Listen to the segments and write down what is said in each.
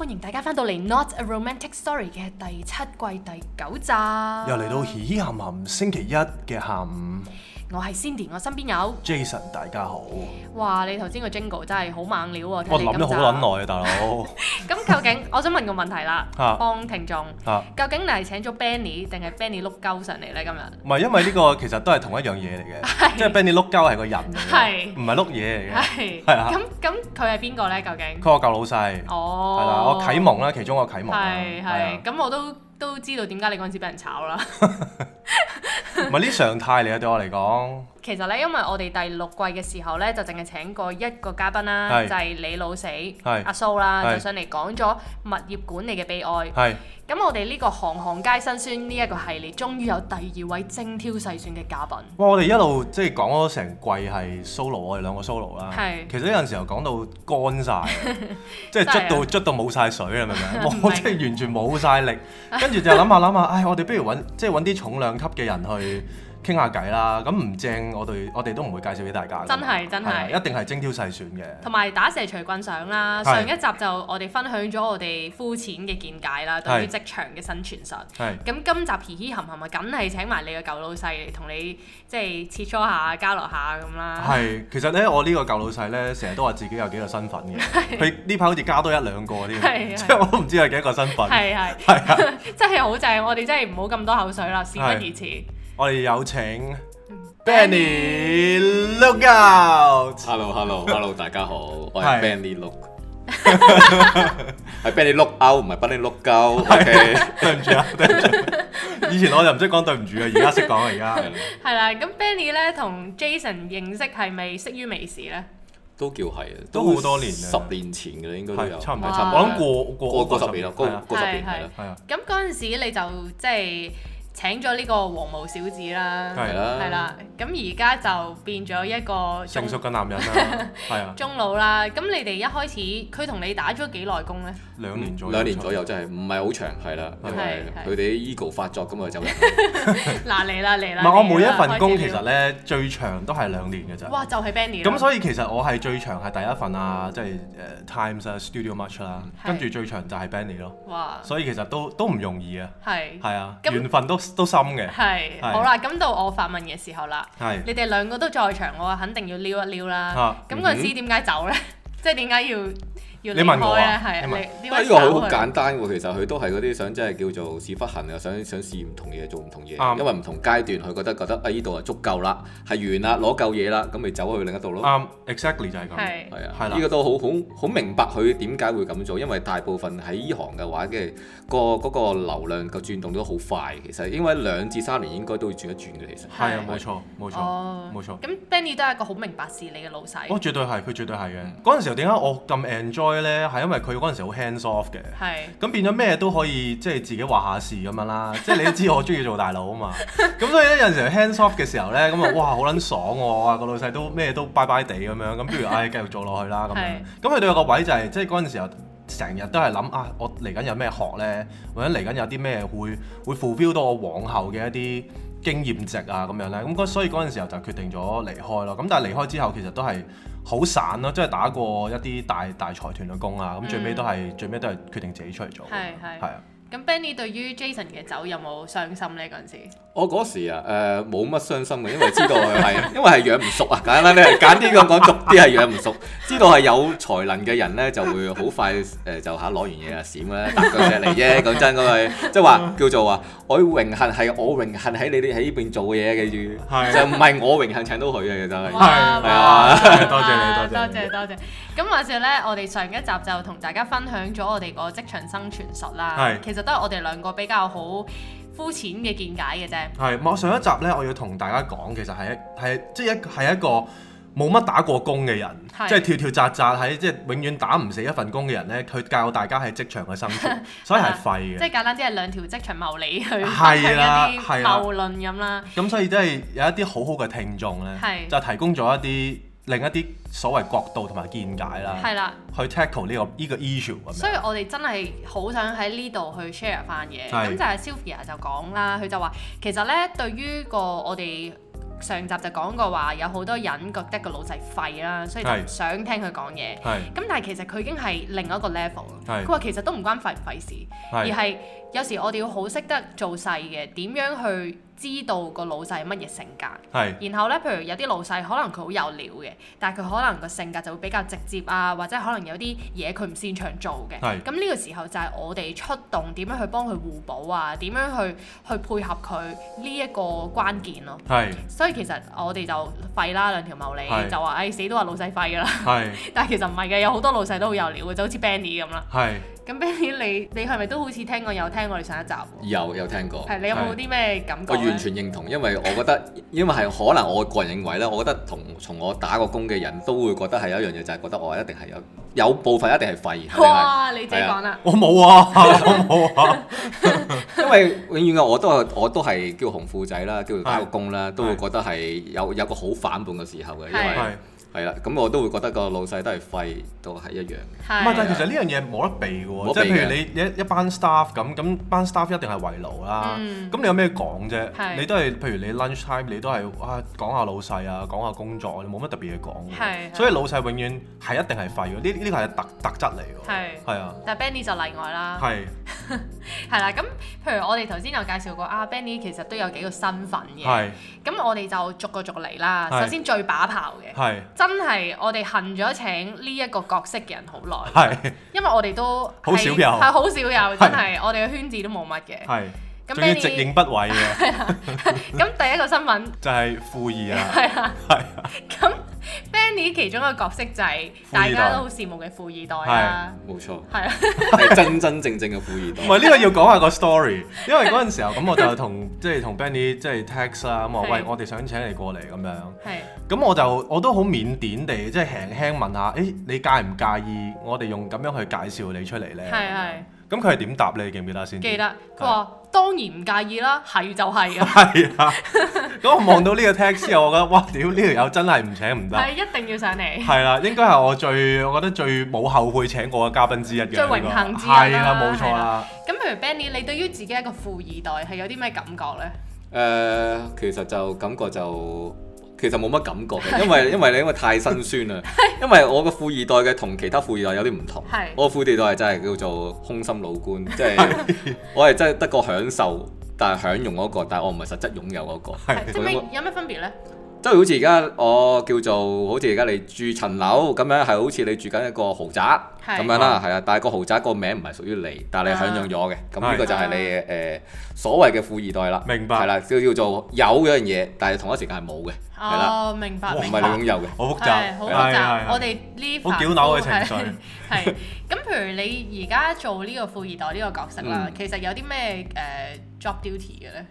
歡迎大家翻到嚟《Not a Romantic Story》嘅第七季第九集，又嚟到嘻嘻鹹鹹，星期一嘅下午。我係 Cindy，我身邊有 Jason，大家好。哇，你頭先個 Jingle 真係好猛料喎！我諗咗好撚耐啊，大佬。咁究竟我想問個問題啦，幫聽眾，究竟你係請咗 Benny 定係 Benny 碌鳩上嚟咧？今日唔係，因為呢個其實都係同一樣嘢嚟嘅，即係 Benny 碌鳩係個人，唔係碌嘢嚟嘅。係啊。咁咁佢係邊個咧？究竟佢，我舊老細，係啦，我啟蒙啦，其中一個啟蒙。係係。咁我都都知道點解你嗰陣時俾人炒啦。唔係啲常態嚟啊！對我嚟講，其實咧，因為我哋第六季嘅時候咧，就淨係請過一個嘉賓啦，就係李老死阿蘇啦，就上嚟講咗物業管理嘅悲哀。係咁，我哋呢個行行皆辛酸呢一個系列，終於有第二位精挑細選嘅嘉賓。哇！我哋一路即係講咗成季係 solo，我哋兩個 solo 啦。係，其實有陣時候講到乾晒，即係捽到捽到冇晒水啦，明唔明？我真係完全冇晒力，跟住就諗下諗下，唉，我哋不如揾即係揾啲重量級嘅人去。傾下偈啦，咁唔正，我哋我哋都唔會介紹俾大家真係真係，一定係精挑細選嘅。同埋打蛇隨棍上啦，上一集就我哋分享咗我哋膚淺嘅見解啦，對於職場嘅生存術。係。咁今集嘻嘻含含啊，梗係請埋你個舊老細嚟同你即係切磋下、交流下咁啦。係，其實咧，我呢個舊老細咧，成日都話自己有幾個身份嘅，佢呢排好似加多一兩個添，即係我都唔知有幾多個身份。係係係，真係好正！我哋真係唔好咁多口水啦，事不宜遲。我哋有請 Benny Lookout。Hello，Hello，Hello，大家好，我係 Benny Look，係 Benny Lookout 唔係 Benny Lookout，對唔住啊，對唔住。以前我就唔識講對唔住啊，而家識講啊，而家係。係啦，咁 Benny 咧同 Jason 認識係咪識於微時咧？都叫係啊，都好多年啦，十年前嘅啦，應該都有，差唔多差。我諗過過過十年啦，過過十年係啦。咁嗰陣時你就即係。請咗呢個黃毛小子啦，係啦，係啦，咁而家就變咗一個成熟嘅男人啦，係啊，中老啦。咁你哋一開始佢同你打咗幾耐工咧？兩年左右，兩年左右真係唔係好長，係啦，因為佢哋啲 ego 發作咁啊就。嗱嚟啦，嚟啦。唔係我每一份工其實咧最長都係兩年嘅咋。哇！就係 Benny 咁所以其實我係最長係第一份啊，即係誒 Times 啊 Studio Much 啦，跟住最長就係 Benny 咯。哇！所以其實都都唔容易啊。係。係啊，緣分都。都深嘅是，係是好啦，咁到我發問嘅時候啦，是你哋兩個都在場，我肯定要撩一撩啦。咁嗰陣時點解走咧？ 即係點解要？你問我啊？呢個佢好簡單喎，其實佢都係嗰啲想真係叫做屎忽痕，又想想試唔同嘢，做唔同嘢。因為唔同階段，佢覺得覺得啊呢度啊足夠啦，係完啦，攞夠嘢啦，咁咪走去另一度咯。exactly 就係咁。係係呢個都好好好明白佢點解會咁做，因為大部分喺呢行嘅話嘅個嗰個流量個轉動都好快，其實因為兩至三年應該都會轉一轉嘅，其實係啊，冇錯冇錯冇錯。咁 Benny 都係一個好明白事理嘅老細。哦，絕對係，佢絕對係嘅。嗰陣時候點解我咁 enjoy？咧係因為佢嗰陣時好 hands off 嘅，咁是變咗咩都可以即係自己話下事咁樣啦。即係你都知我中意做大佬啊嘛，咁 所以咧有陣時 hands off 嘅時候咧，咁啊哇好撚爽，我啊個老細都咩都拜拜地咁樣，咁不如唉、哎、繼續做落去啦咁樣。咁佢度有個位就係、是、即係嗰陣時候成日都係諗啊，我嚟緊有咩學咧，或者嚟緊有啲咩會會付 l 到我往後嘅一啲經驗值啊咁樣咧。咁所以嗰陣時候就決定咗離開咯。咁但係離開之後其實都係。好散咯、啊，即係打過一啲大大財團嘅工啊，咁、嗯、最尾都係最尾都係決定自己出嚟做，係啊。咁 Benny 對於 Jason 嘅走有冇傷心呢？嗰陣時，我嗰時啊，誒冇乜傷心嘅，因為知道佢係 因為係養唔熟啊，簡單啲係揀啲咁講熟啲係養唔熟，知道係有才能嘅人咧就會好快誒就嚇攞完嘢啊閃啦，搭個車嚟啫。講真嗰句，即係話叫做話，我榮幸係我榮幸喺你哋喺呢邊做嘅嘢，記住就唔係我榮幸請到佢嘅，真係係啊，多謝你，多謝你，多謝你，多謝你，多謝。咁話說咧，我哋上一集就同大家分享咗我哋個職場生存術啦，係的其實。覺得我哋兩個比較好膚淺嘅見解嘅啫。係，我上一集咧，我要同大家講，其實係一係即係一係一個冇乜打過工嘅人，即係跳跳扎紮喺即係永遠打唔死一份工嘅人咧，佢教大家喺職場嘅心情， 所以係廢嘅、啊。即係簡單啲係兩條職場茂利去分析、啊、一啲謀論咁啦。咁、啊啊、所以真係有一啲好好嘅聽眾咧，是就提供咗一啲。另一啲所謂角度同埋見解啦，係啦的，去 tackle 呢個呢個 issue 咁樣。所以我哋真係好想喺呢度去 share 翻嘢。咁的就係 Sophia 就講啦，佢就話其實咧，對於個我哋上集就講過話，有好多人覺得個老細廢啦，所以就唔想聽佢講嘢。咁的但係其實佢已經係另一個 level 咯。佢話的其實都唔關廢唔廢事，的而係有時我哋要好識得做細嘅點樣去知道個老細乜嘢性格，然後呢，譬如有啲老細可能佢好有料嘅，但係佢可能個性格就會比較直接啊，或者可能有啲嘢佢唔擅長做嘅，係。咁呢個時候就係我哋出動點樣去幫佢互補啊，點樣去去配合佢呢一個關鍵咯，所以其實我哋就廢啦兩條茂利，就話唉死都話老細廢㗎啦，但係其實唔係嘅，有好多老細都好有料嘅，就好似 Benny 咁啦，係。咁 Benny 你你係咪都好似聽過有聽過你上一集？有有聽過，你有冇啲咩感覺？完全認同，因為我覺得，因為係可能我個人認為咧，我覺得同從我打過工嘅人都會覺得係有一樣嘢，就係、係、覺得我一定係有有部分一定係廢。哇！係咪？你自己講啦，我冇啊， 啊，我冇啊， 因為永遠嘅我都我都係叫紅褲仔啦，叫打個工啦，是都會覺得係有是有個好反叛嘅時候嘅，因為。係啦，咁我都會覺得個老細都係廢，都係一樣。唔係，但係其實呢樣嘢冇得避嘅喎，即係譬如你一班 staff 咁，咁班 staff 一定係圍爐啦。咁你有咩講啫？你都係譬如你 lunch time，你都係啊講下老細啊，講下工作，你冇乜特別嘢講。係。所以老細永遠係一定係廢嘅，呢呢個係特特質嚟嘅。係。啊。但係 Benny 就例外啦。係。係啦，咁譬如我哋頭先有介紹過啊，Benny 其實都有幾個身份嘅。係。咁我哋就逐個逐嚟啦。首先最把炮嘅。係。真係我哋恨咗請呢一個角色嘅人好耐，係因為我哋都係好好少有，真係係我哋嘅圈子都冇乜嘅。仲要直認不諱嘅，咁第一個新聞就係富二代，係啊，咁 Benny 其中一個角色就係大家都好羨慕嘅富二代啦，冇錯，係啊，係真真正正嘅富二代。唔係呢個要講下個 story，因為嗰陣時候咁我就同即係同 Benny 即係 text 啦，咁話喂我哋想請你過嚟咁樣，咁我就我都好腼腆地即係輕輕問下，誒你介唔介意我哋用咁樣去介紹你出嚟咧？係係。咁佢係點答你記唔記得先？記得，佢話的當然唔介意啦，係就係。係啊的，咁 我望到呢個 text 之後，我覺得哇屌，呢條友真係唔請唔得。係一定要上嚟。係啦，應該係我最，我覺得最冇後悔請過嘅嘉賓之一嘅。最榮幸之一啦。係啦的，冇錯啦。咁譬如 Benny，你對於自己一個富二代係有啲咩感覺咧？誒、呃，其實就感覺就。其實冇乜感覺嘅，因為因為你因為太辛酸啦，因為我個富二代嘅同其他富二代有啲唔同，是我個富二代係真係叫做空心老官，即係是我係真係得個享受，但係享用嗰個，但係我唔係實質擁有嗰個，是有咩分別呢？即係好似而家我叫做好似而家你住層樓咁樣，係好似你住緊一個豪宅咁樣啦，係啊。但係個豪宅個名唔係屬於你，但係你享用咗嘅。咁呢個就係你誒所謂嘅富二代啦。明白。係啦，就叫做有嗰樣嘢，但係同一時間係冇嘅。係啦，明白。唔係你擁有嘅，好複雜。好複雜。我哋呢塊。好屌扭嘅情緒。係。咁譬如你而家做呢個富二代呢個角色啦，其實有啲咩誒 job duty 嘅咧？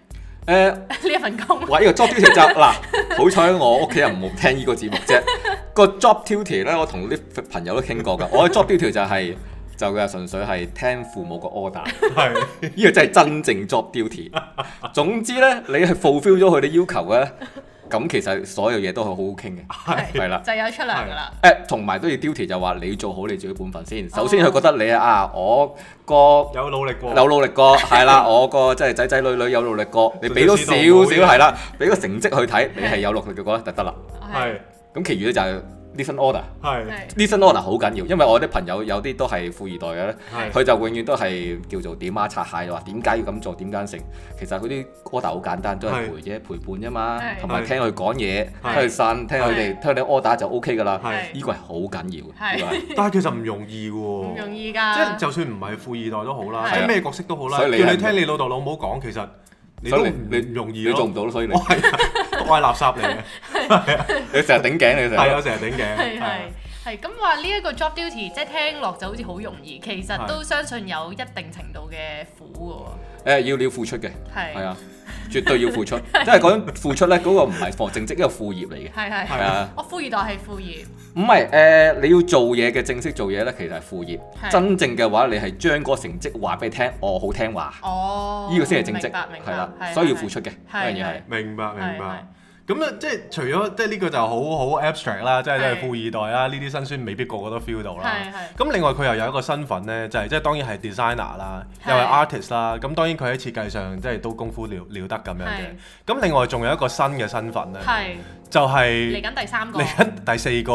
誒呢、呃、一份工，喂，呢個 job duty 就嗱、是， 好彩我屋企人冇聽呢個節目啫。 個 job duty 咧，我同啲朋友都傾過㗎。我嘅 job duty 就係、是、就佢係純粹係聽父母個 order，係呢個真係真正 job duty。 總之咧，你係 fulfill 咗佢哋要求嘅。咁其實所有嘢都係好好傾嘅，係啦，就有出糧噶啦。誒，同埋都要 duty 就話你做好你自己本分先。首先佢覺得你啊，我個有努力過，有努力過，係啦，我個即係仔仔女女有努力過，你俾多少少係啦，俾個成績去睇，你係有努力過就得啦。係，咁其餘咧就係。呢份 order 係呢份 order 好緊要，因為我啲朋友有啲都係富二代嘅咧，佢就永遠都係叫做點啊擦蟹，話點解要咁做，點解成，其實佢啲 order 好簡單，都係陪啫陪伴啫嘛，同埋聽佢講嘢，聽佢呻，聽佢哋聽你 order 就 O K 㗎啦，呢個係好緊要，但係其實唔容易喎，唔容易㗎，即係就算唔係富二代都好啦，係咩角色都好啦，要你聽你老豆老母講其實。你所以你唔容易，你做唔到咯，所以你係係係垃圾嚟嘅，係啊！你成日頂頸，你成日係啊，成日頂頸，係係係。咁話呢一個 job duty，即係聽落就好似好容易，其實都相信有一定程度嘅苦嘅喎，誒，要你要付出嘅係係啊。絕對要付出，即係講付出咧，嗰個唔係做正職，一個副業嚟嘅。係係係啊，我富二代係副業。唔係誒，你要做嘢嘅正式做嘢咧，其實係副業。真正嘅話，你係將嗰個成績話俾你聽，我好聽話。哦，呢個先係正職，係啦，所以要付出嘅呢樣嘢。係，明白明白。咁咧，即係除咗即係呢個就好好 abstract 啦，即係富二代啦，呢啲辛酸未必個個都 feel 到啦。咁另外佢又有一個身份呢，就係即係當然係 designer 啦，又係 artist 啦。咁當然佢喺設計上即係都功夫了了得咁樣嘅。咁另外仲有一個新嘅身份呢，就係嚟緊第三個，嚟緊第四個。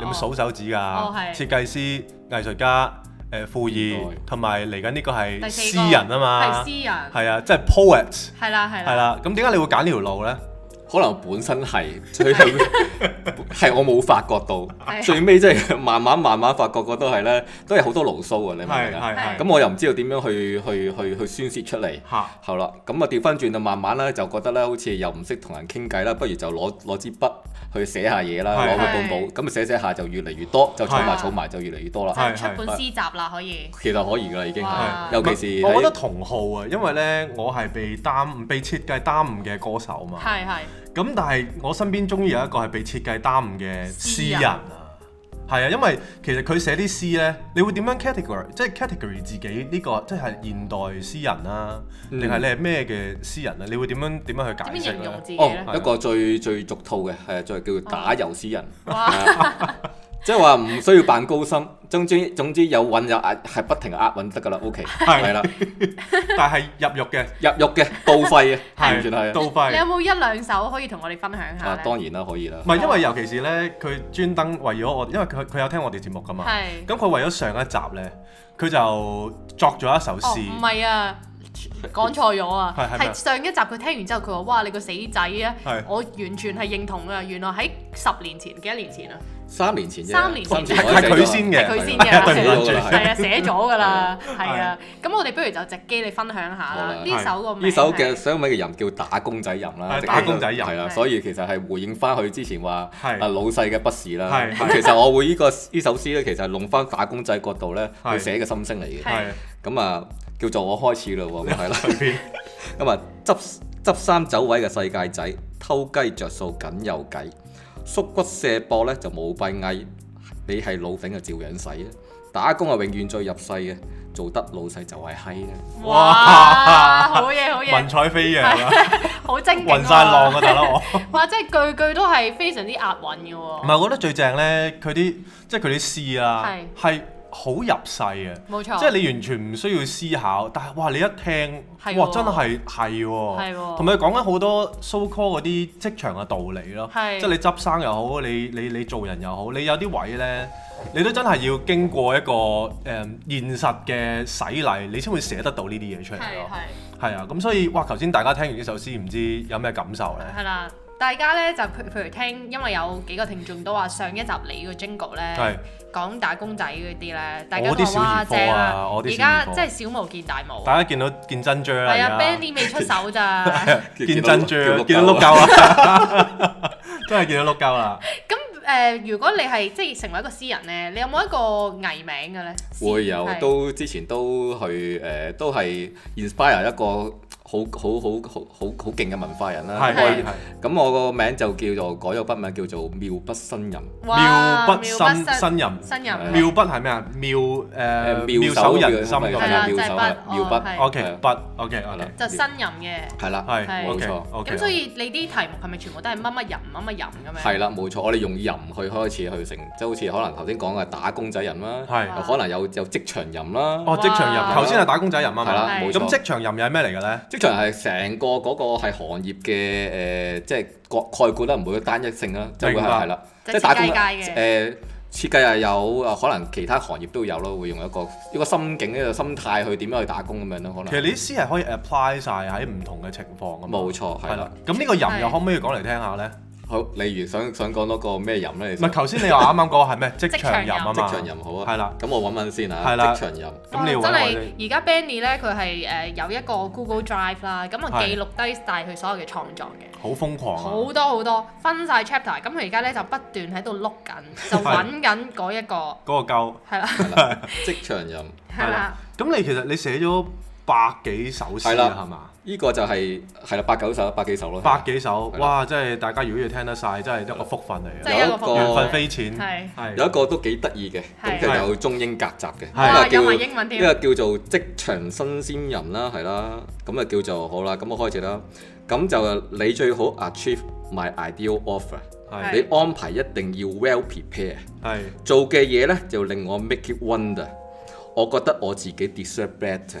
有冇數手指㗎？哦係。設計師、藝術家、誒富二，同埋嚟緊呢個係詩人啊嘛。係詩人。係啊，即係 poet。係啦係啦。咁點解你會揀呢條路呢？可能本身係，最尾係 我冇發覺到， 最尾即係慢慢慢慢發覺，個都係咧，都係好多牢騷啊！你明唔明啊？咁、 嗯、我又唔知道點樣去去去去宣泄出嚟。 好啦，咁啊掉返轉就慢慢咧，就覺得咧好似又唔識同人傾偈啦，不如就攞攞支筆，去寫下嘢啦，攞個報報，咁啊寫寫下就越嚟越多，就儲埋儲埋就越嚟越多啦，出本詩集啦可以。其實可以㗎，已經係。尤其是我覺得同好啊，因為咧我係被耽被設計耽誤嘅歌手嘛。係，係。咁但係我身邊終於有一個係被設計耽誤嘅詩人。係啊，因為其實佢寫啲詩咧，你會點樣 category，即係 category 自己呢、呢個，即係現代詩人啊，定係、嗯、你係咩嘅詩人啊？你會點樣點樣去解釋？哦，一個最最俗套嘅係啊，就係叫做打油詩人。即係話唔需要扮高深，總之總之有韻有押，係不停押韻得噶啦。OK，係啦， 但係入獄嘅，入獄嘅，盜費嘅，係 是完全係盜費你，你有冇一兩首可以同我哋分享下咧、啊？當然啦，可以啦。唔係因為尤其是咧，佢專登為咗我，因為佢佢有聽我哋節目噶嘛。係是。咁佢為咗上一集咧，佢就作咗一首詩。唔係、哦、啊。講錯咗啊！係上一集佢聽完之後，佢話：哇！你個死仔啊！我完全係認同啊！原來喺十年前幾多年前啊，三年前，三年前係佢先嘅，係佢先嘅，係啊，寫咗㗎喇，係啊。咁我哋不如就直擊你分享下啦。呢首個呢首嘅寫文嘅人叫打工仔吟啦，打工仔吟係啊。所以其實係回應翻佢之前話阿老細嘅不是啦。其實我會呢個呢首詩咧，其實係弄翻打工仔角度咧去寫嘅心聲嚟嘅。咁啊。叫做我開始嘞喎，唔係啦。咁啊、 嗯，執執衫走位嘅世界仔，偷雞着數緊有計，縮骨射波咧就冇閉翳。你係老粉嘅照樣使啊，打工啊永遠最入世嘅，做得老細就係閪啦。哇！好嘢好嘢，文采飛揚啊， 好精彩、暈晒、啊、浪啊大佬。我話，即係句句都係非常之押韻嘅喎。唔係，我覺得最正咧，佢啲即係佢啲詩啊，係。好入世啊！冇錯，即係你完全唔需要思考，但係哇，你一聽，的哇真係係喎，同埋的講緊好多 so called 嗰啲職場嘅道理咯，即係的你執生又好，你你，你做人又好，你有啲位呢，你都真係要經過一個誒、嗯、現實嘅洗禮，你先會寫得到呢啲嘢出嚟咯，係啊的，咁的所以哇，頭先大家聽完呢首詩，唔知有咩感受呢？係啦。大家咧就譬譬如聽，因為有幾個聽眾都話上一集你個 jingle 咧，講打工仔嗰啲咧，大家話哇正啊！而家真係小巫見大巫，大家見到見真章啦。係啊，Benny 未出手咋？見真章，見到碌鳩啊！真係見到碌鳩啦。咁誒，如果你係即係成為一個詩人咧，你有冇一個藝名嘅咧？會有，都之前都去誒，都係 inspire 一個。好好好好好好勁嘅文化人啦，係係。咁我個名就叫做改咗筆名，叫做妙筆新吟。妙筆新新吟。妙筆係咩啊？妙誒妙手人心嘅係啦，妙手妙筆。O K 筆。O K 好啦。就新吟嘅。係啦。係。冇錯。咁所以你啲題目係咪全部都係乜乜吟？乜乜吟咁樣？係啦，冇錯。我哋用吟去開始去成，即係好似可能頭先講嘅打工仔人啦。可能有有職場人啦。哦，職場人。頭先係打工仔人啊嘛。係啦，冇錯。咁職場人又係咩嚟嘅咧？職場係成個嗰個係行業嘅誒、呃，即係個概括啦，唔會有單一性啦，會白的即係係啦，即係打工誒設計係、呃、有誒，可能其他行業都有咯，會用一個一個心境一個心態去點樣去打工咁樣咯，可能其實你啲思想可以 apply 晒喺唔同嘅情況咁。冇、嗯、錯，係啦。咁呢個人又可唔可以講嚟聽，聽下咧？例如想想講多個咩人咧？唔係，頭先你話啱啱講係咩？職場人啊嘛。職場人好啊。係啦，咁我揾揾先啊。係啦，職場人。咁你話真係而家 Benny 咧，佢係誒有一個 Google Drive 啦，咁啊記錄低晒佢所有嘅創作嘅。好瘋狂。好多好多，分晒 chapter，咁佢而家咧就不斷喺度碌緊，就揾緊嗰一個。嗰個鳩。係啦。職場人。係啦。咁你其實你寫咗百幾首詩啦，係嘛？呢個就係係啦，八九首八幾首咯，百幾首哇！真係大家如果要聽得晒，真係一個福分嚟嘅，有一個緣分非淺，係係有一個都幾得意嘅，咁就有中英夾雜嘅，啊英文呢個叫做職場新鮮人啦，係啦，咁啊叫做好啦，咁我開始啦，咁就你最好 achieve my ideal offer，你安排一定要 well prepare，係做嘅嘢呢，就令我 make it wonder，我覺得我自己 deserve better。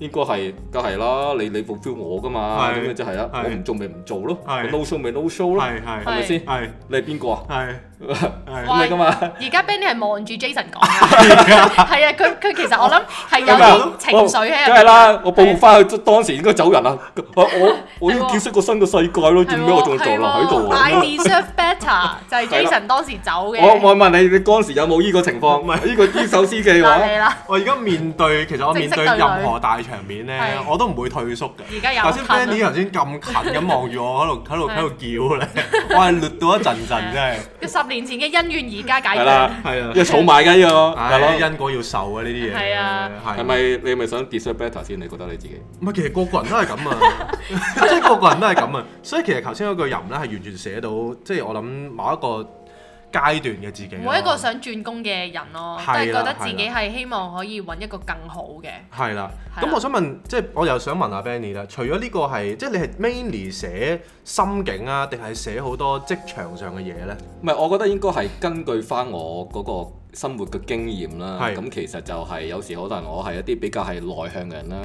應該係，梗係啦，你你 fulfill 我噶嘛，咁咪就係啦，我唔做咪唔做咯，no show 咪 no show 咯，係咪先？你係邊個啊？係，係你噶嘛？而家 Benny 係望住 Jason 講，係啊，佢佢其實我諗係有情緒喺入邊，梗係啦，我報翻去當時應該走人啊，我我要結識個新嘅世界咯，點解我仲做落喺度？Buy yourself better 就係 Jason 當時走嘅。我我問你你當時有冇呢個情況？唔係呢個呢首詩嘅話，我而家面對其實我面對任何大場面咧，我都唔會退縮嘅。頭先 Benny 頭先咁近咁望住我喺度喺度喺度叫咧，我係虐到一陣陣真係。十年前嘅恩怨而家解。係啦，係啊，因為草買緊啊，係咯，因果要受啊呢啲嘢。係啊，係咪你咪想 deserve better 先？你覺得你自己？唔係，其實個個人都係咁啊，即係個個人都係咁啊。所以其實頭先嗰句人咧係完全寫到，即係我諗某一個。階段嘅自己，每一個想轉工嘅人咯、啊，都係啦覺得自己係希望可以揾一個更好嘅。係啦，咁啦我想問，即、就、係、是、我又想問下 Benny 啦，除咗呢個係，即、就、係、是、你係 mainly 寫心境啊，定係寫好多職場上嘅嘢呢？唔係，我覺得應該係根據返我嗰個生活嘅經驗啦。咁是其實就係有時可能我係一啲比較係內向嘅人啦。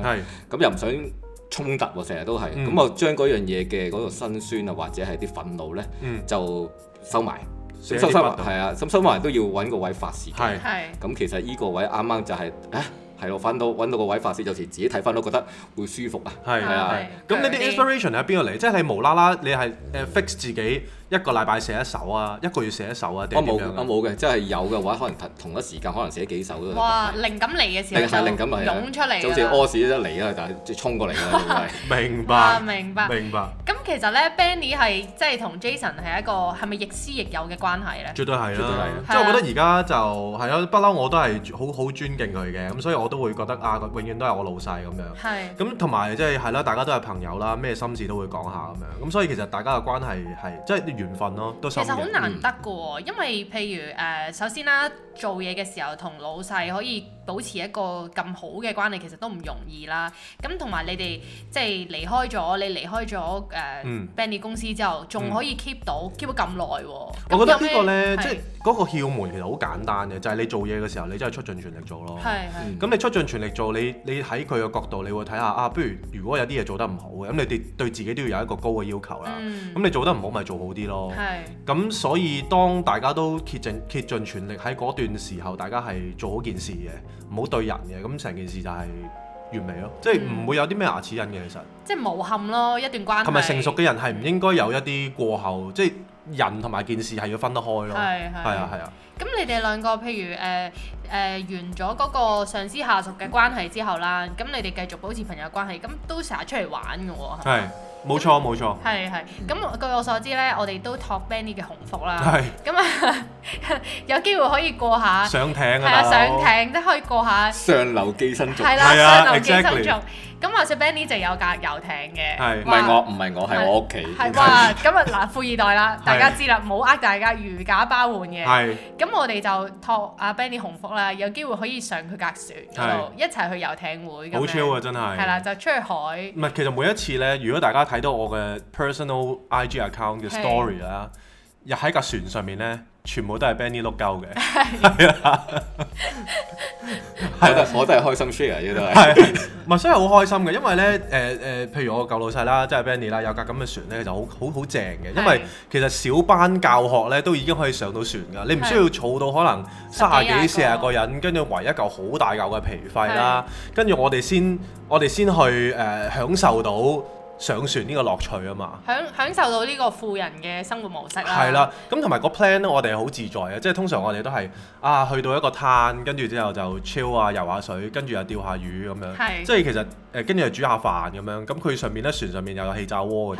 咁是又唔想衝突喎、啊，成日都係，咁我將嗰樣嘢嘅嗰個辛酸啊，或者係啲憤怒呢，嗯、就收埋。收身啊，係收埋都要揾個位發泄。係，咁其實呢個位啱啱就係、誒，啊，係咯，揾到揾到個位發泄，有時自己睇翻都覺得會舒服啊。係啊，咁你啲 inspiration 喺邊度嚟？即係無啦啦，你係誒 fix 自己。一個禮拜寫一首啊，一個月寫一首啊，點樣、啊？我冇、哦，我冇嘅，即係有嘅話，可能同一時間可能寫幾首。哇！靈感嚟嘅時候，靈感湧出嚟，好似屙屎一嚟啦，但係即係衝過嚟啦，明白，明白、啊，明白。咁、啊、其實咧，Benny 係即係同 Jason 係一個係咪亦師亦友嘅關係咧？絕對係啊。即係對我覺得而家就係咯，不嬲我都係好好尊敬佢嘅，咁所以我都會覺得啊，永遠都係我老細咁樣。咁同埋即係係咯，大家都係朋友啦，咩心事都會講下咁樣。咁所以其實大家嘅關係係即係。就是緣分咯、啊，其實好難得嘅、喔，嗯、因為譬如誒、呃，首先啦、啊，做嘢嘅時候同老細可以保持一個咁好嘅關係，其實都唔容易啦。咁同埋你哋即係離開咗，你離開咗誒 Benny 公司之後，仲可以 keep 到 keep 到咁耐。嗯喔、我覺得呢個呢，即係嗰個竅門其實好簡單嘅，就係、是、你做嘢嘅時候，你真係出盡全力做咯。咁、嗯嗯、你出盡全力做，你你喺佢嘅角度，你會睇下啊。不、啊、如如果有啲嘢做得唔好嘅，咁你對對自己都要有一個高嘅要求啦。咁你做得唔好，咪做，做好啲。嗯咯，係咁，所以當大家都竭盡竭盡全力喺嗰段時候，大家係做好件事嘅，唔好對人嘅，咁成件事就係完美咯，即係唔會有啲咩牙齒印嘅，其實即係無憾咯，一段關係。同埋成熟嘅人係唔應該有一啲過後，即係人同埋件事係要分得開咯，係啊，係啊。咁你哋兩個，譬如誒誒、呃呃、完咗嗰個上司下屬嘅關係之後啦，咁你哋繼續保持朋友關係，咁都成日出嚟玩㗎喎，係咪。冇錯冇錯，係係。咁據我所知咧，我哋都托 Benny 嘅鴻福啦。係。咁啊，有機會可以過下上艇啊，係，上艇，即係可以過下上流寄生族，係啦，上流寄生族。咁啊，所以 Benny 就有架遊艇嘅。係，唔係我，唔係我，係我屋企。係哇，咁啊嗱，富二代啦，大家知啦，冇呃大家，如假包換嘅。係。咁我哋就託阿 Benny 鴻福啦，有機會可以上佢架船，就一齊去遊艇會。好超啊，真係。係啦，就出去海。唔係，其實每一次咧，如果大家睇到我嘅 personal IG account 嘅 story 啦是、啊，又喺架船上面咧，全部都係 Benny lookout 嘅，係啊，係我都係開心 share 嘅都係，係， 唔係，所以好開心嘅，因為咧，誒、呃、誒、呃，譬如我舊老細啦，即、就、係、是、Benny 啦，有架咁嘅船咧，就好好好正嘅，因為是其實小班教學咧，都已經可以上到船噶，你唔需要儲到可能三十幾、四十個人，跟住圍一嚿好大嚿嘅皮費啦，是是跟住我哋先，我哋先，先去誒享受到。呃呃嗯嗯嗯嗯嗯嗯上船呢個樂趣啊嘛，享享受到呢個富人嘅生活模式啦。係啦，咁同埋個 plan 咧，我哋係好自在嘅，即係通常我哋都係啊去到一個灘，跟住之後就 chill 啊，游下水，跟住又釣下魚咁樣。是即係其實誒，跟住又煮下飯咁樣。咁佢上面咧，船上面又有氣炸鍋啲。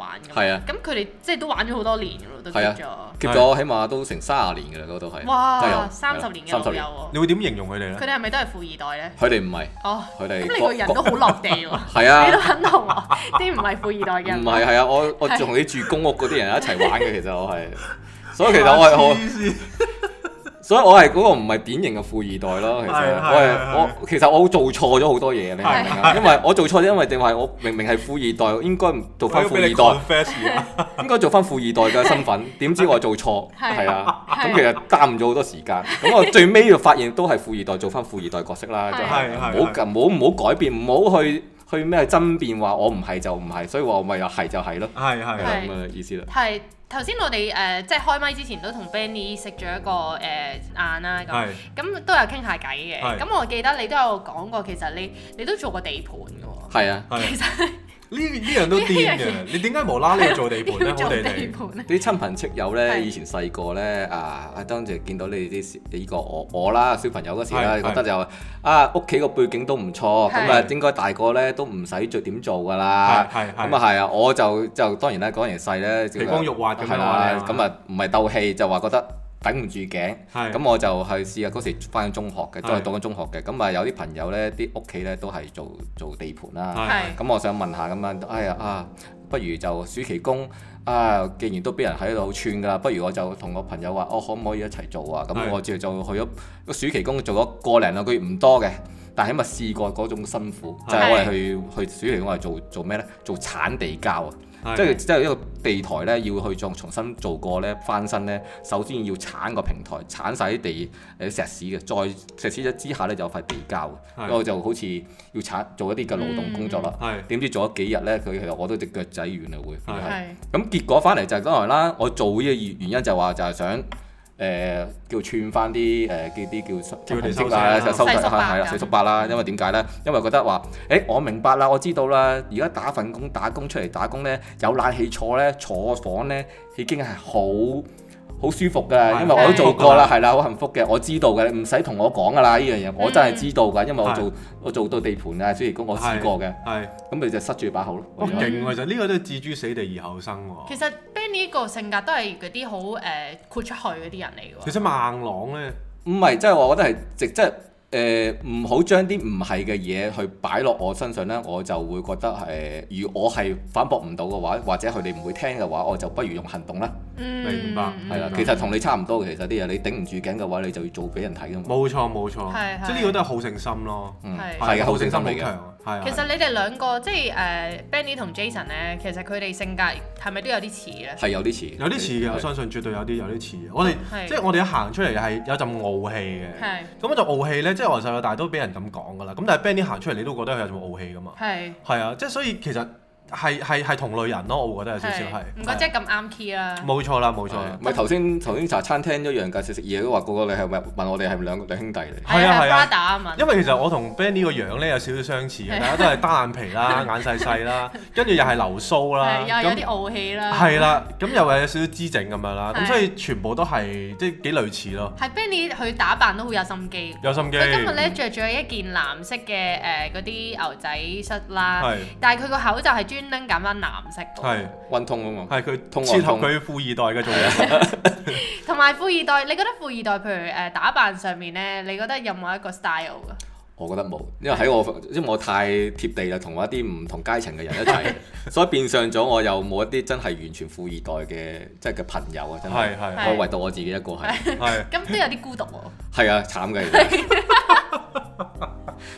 玩，係啊，咁佢哋即係都玩咗好多年噶咯，都結咗，結咗起碼都成三十年噶啦，嗰度係哇，三十年嘅老友啊！你會點形容佢哋咧？佢哋係咪都係富二代咧？佢哋唔係，哦，佢哋。咁你個人都好落地喎，你都肯同啲唔係富二代嘅，唔係係啊！我我同啲住公屋嗰啲人一齊玩嘅，其實我係，所以其實我係我。所以我係嗰個唔係典型嘅富二代咯，其實我係我其實我做錯咗好多嘢你明唔明啊？因為我做錯，因為定話我明明係富二代，應該唔做翻富二代，應該做翻富二代嘅身份，點知我做錯，係啊，咁其實耽誤咗好多時間。咁我最尾就發現都係富二代，做翻富二代角色啦，就冇冇冇改變，冇去去咩爭辯話我唔係就唔係，所以話我咪又係就係咯，係係咁嘅意思啦。頭先我哋誒、呃、即係開麥之前都同 Benny 食咗一個誒晏啦，咁、呃、咁是的 都有傾下偈嘅。咁是的 我記得你都有講過，其實你你都做過地盤㗎喎。係啊，其實。呢呢樣都癲嘅，你點解無啦啦呢個做地盤呢？我哋啲親朋戚友呢，以前細個呢，啊，當時見到你哋啲，你個我我啦小朋友嗰時咧，覺得就啊屋企個背景都唔錯，咁啊應該大個呢都唔使再點做㗎啦，咁啊係啊，我就就當然啦，講完細咧，皮光肉滑咁樣咧，咁啊唔係鬥氣就話覺得。頂唔住頸，咁是我就係試下。嗰時翻緊中學嘅，都係讀緊中學嘅。咁啊是有啲朋友呢，啲屋企呢都係做做地盤啦。咁是我想問下咁樣，哎呀啊，不如就暑期工啊！既然都俾人喺度串㗎啦，不如我就同我朋友話，我、啊、可唔可以一齊做啊？咁我照做。去咗個暑期工，做咗個零兩個月，唔多嘅。但係起碼試過嗰種辛苦，是就係我係去去暑期工係做做咩呢？做剷地膠。啊！是即係即係一個地台咧，要去做重新做過咧，翻新咧，首先要鏟個平台，鏟晒啲地誒、呃、石屎嘅，再石屎一之下咧就有塊地膠。咁是我就好似要鏟做一啲嘅勞動工作啦。點知、嗯、做咗幾日咧，佢其實我都隻腳仔軟啊，會咁是是結果翻嚟就當然啦，我做呢個原原因就話就係想。誒、呃、叫串翻啲誒叫啲叫收，叫，叫，叫，叫，叫、啊、收下就、啊、收翻下、啊，係啦四叔伯啦，因為點解咧？因為覺得話，誒、欸、我明白啦，我知道啦，而家打份工，打工出嚟打工咧，有冷氣坐咧，坐房咧已經係好。好舒服嘅，因為我都做過啦，係啦，好幸福嘅，我知道嘅，唔使同我講噶啦，呢樣嘢我真係知道嘅，因為我做的我做到地盤啊，所以講我試過嘅，咁咪就塞住把口咯。好勁喎，嗯、其實呢個都係置諸死地而後生喎。其實 Benny 個性格都係嗰啲好誒豁出去嗰啲人嚟嘅喎。其實孟浪咧，唔係，即係我覺得係直即係。即係誒唔好將啲唔係嘅嘢去擺落我身上咧，我就會覺得係，如我係反駁唔到嘅話，或者佢哋唔會聽嘅話，我就不如用行動啦。明白，係啦，其實同你差唔多嘅，其實啲嘢你頂唔住頸嘅話，你就要做俾人睇噶嘛。冇錯冇錯，即呢個都係好勝心咯。係好勝心嚟嘅。其實你哋兩個即係誒 Benny 同 Jason 咧，其實佢哋性格係咪都有啲似咧？係有啲似，有啲似嘅，我相信絕對有啲有啲似嘅。我哋即係我哋一行出嚟係有陣傲氣嘅，咁就傲氣咧。即係由細到大都俾人咁講噶啦。咁但係 Benny 行出嚟，你都覺得佢有種傲氣噶嘛？係是啊，即係所以其實。係係係同類人咯，我覺得有少少係。唔該，即係咁啱 key 啦。冇錯啦，冇錯。唔係頭先，頭先茶餐廳一樣介紹食嘢，都話個個，你係咪問我哋係咪兩兩兄弟嚟？係啊係啊。巴打嘛。因為其實我同 Benny 個樣咧有少少相似，大家都係單眼皮啦，眼細細啦，跟住又係留鬚啦，有啲傲氣啦。係啦，咁又係有少少姿整咁樣啦，咁所以全部都係即係幾類似咯。係 Benny 佢打扮都好有心機。有心機。佢今日咧着咗一件藍色嘅誒嗰啲牛仔恤啦，但係佢個口罩係專專登揀翻藍色，係運是通咁嘛？係佢通撮同佢富二代嘅種人，同埋富二代，你覺得富二代譬如誒打扮上面咧，你覺得有冇一個 style 噶？我覺得冇，因為喺我因為的我太貼地啦，同一啲唔同階層嘅人一齊，的所以變相咗我又冇一啲真係完全富二代嘅即係嘅朋友啊，真係係我唯獨我自己一個係，係咁都有啲孤獨喎，係啊，慘嘅的。